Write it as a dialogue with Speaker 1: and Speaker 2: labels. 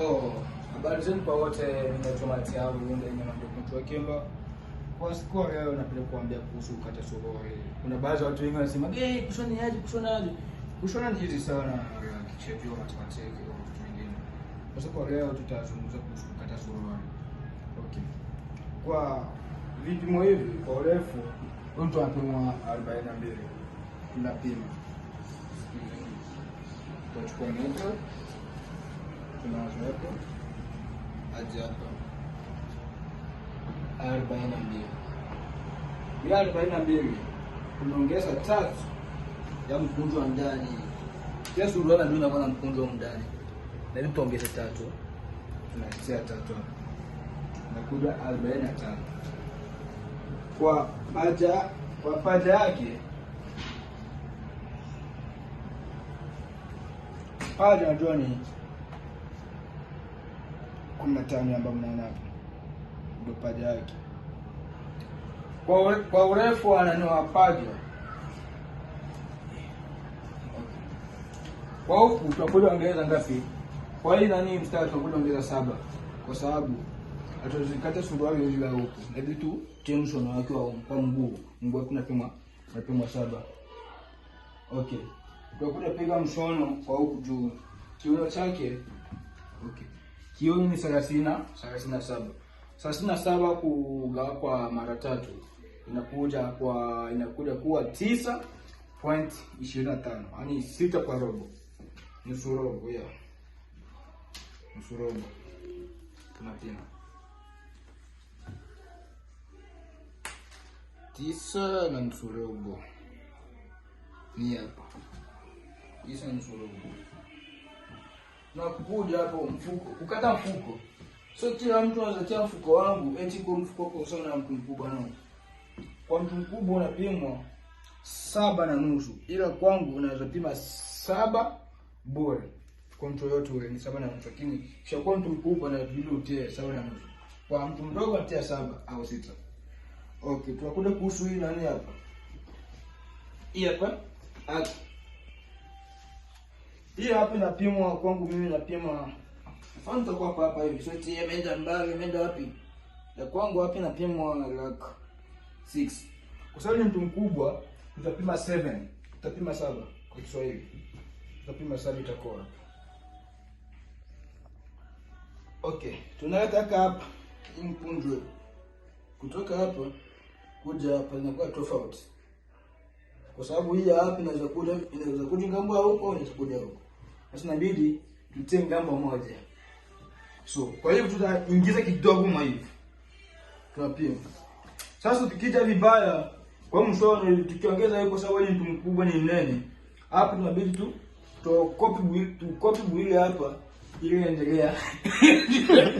Speaker 1: Oh, habari zenu kwa wote, ninaitwa Matiao Lunde Nyama mtu wa Kimba. Kwa siku ya leo napenda kuambia kuhusu kukata suruali. Kuna baadhi ya watu wengi wanasema, "Eh, kushona ni aje? Kushona aje?" Kushona ni hizi sana ya kichevyo na mateke au vitu vingine. Kwa siku leo tutazungumza kuhusu kukata suruali. Okay. Kwa vipimo hivi kwa urefu mtu anapimwa 42. Tunapima. Tunachukua mita kinachowepo aje hapa arobaini na mbili bila arobaini na mbili umeongeza tatu ya mkunjwa ndani. Yesu uliona mimi nakuwa na mkunjo wa ndani, lakini tuongeze tatu, tunatia tatu hapa, nakuja arobaini na tano kwa paja kwa paja yake paja, najua ni hamna tani ambayo mnaonapo ndio paja yake kwa urefu kwa urefu wa paja. Kwa huku tunakuja ongeza ngapi? Kwa hii nani mstari tunakuja ongeza saba, kwa sababu atazikata suruali hiyo ya huku, Hebu tu tension wake wa kwa mguu mguu tunapima tunapima saba. Okay, Tunakuja piga mshono kwa huku juu kiuno chake. Okay. Kioni ni thelathini na thelathini na saba. Thelathini na saba kuga kwa mara tatu inakuja kwa inakuja kuwa tisa point ishirini na tano yaani sita kwa robo, nusu robo ya nusu robo tena tisa na nusu robo ni hapa, tisa na nusu robo nakuja hapo mfuko kukata mfuko, so kila mtu anazatia mfuko wangu eti kwa mfuko wako sawa na mtu mkubwa nao. Kwa mtu mkubwa unapimwa saba na nusu, ila kwangu unaweza saba bure kwa mtu yoyote ule ni saba na nusu, lakini kishakuwa mtu mkubwa na vile utie saba na nusu, kwa mtu mdogo atia saba au sita. Okay, tunakuja kuhusu hii nani hapa, hii hapa hii hapa inapimwa kwangu mimi napima. Mfano tutakuwa hapa hapa hivi. Shoti imeenda mbali, imeenda wapi? Ya kwangu hapa inapimwa like 6. Kwa sababu ni mtu mkubwa, nitapima 7. Nitapima 7 kwa Kiswahili. Nitapima 7 itakuwa. Okay, tunaweka hapa mpunjwe. Kutoka hapa kuja hapa inakuwa tofauti. Kwa sababu hii hapa inaweza kuja inaweza kuja ng'ambo huko, inaweza kuja huko. Sasa inabidi tutie ngambo moja. So, kwa hiyo tutaingiza kidogo kama hivi. Tunapima. Sasa tukija vibaya kwa mshono tukiongeza hiyo kwa sababu ni mtu mkubwa ni mnene. Hapa tunabidi tu tukopi tu, buili hapa ili endelea.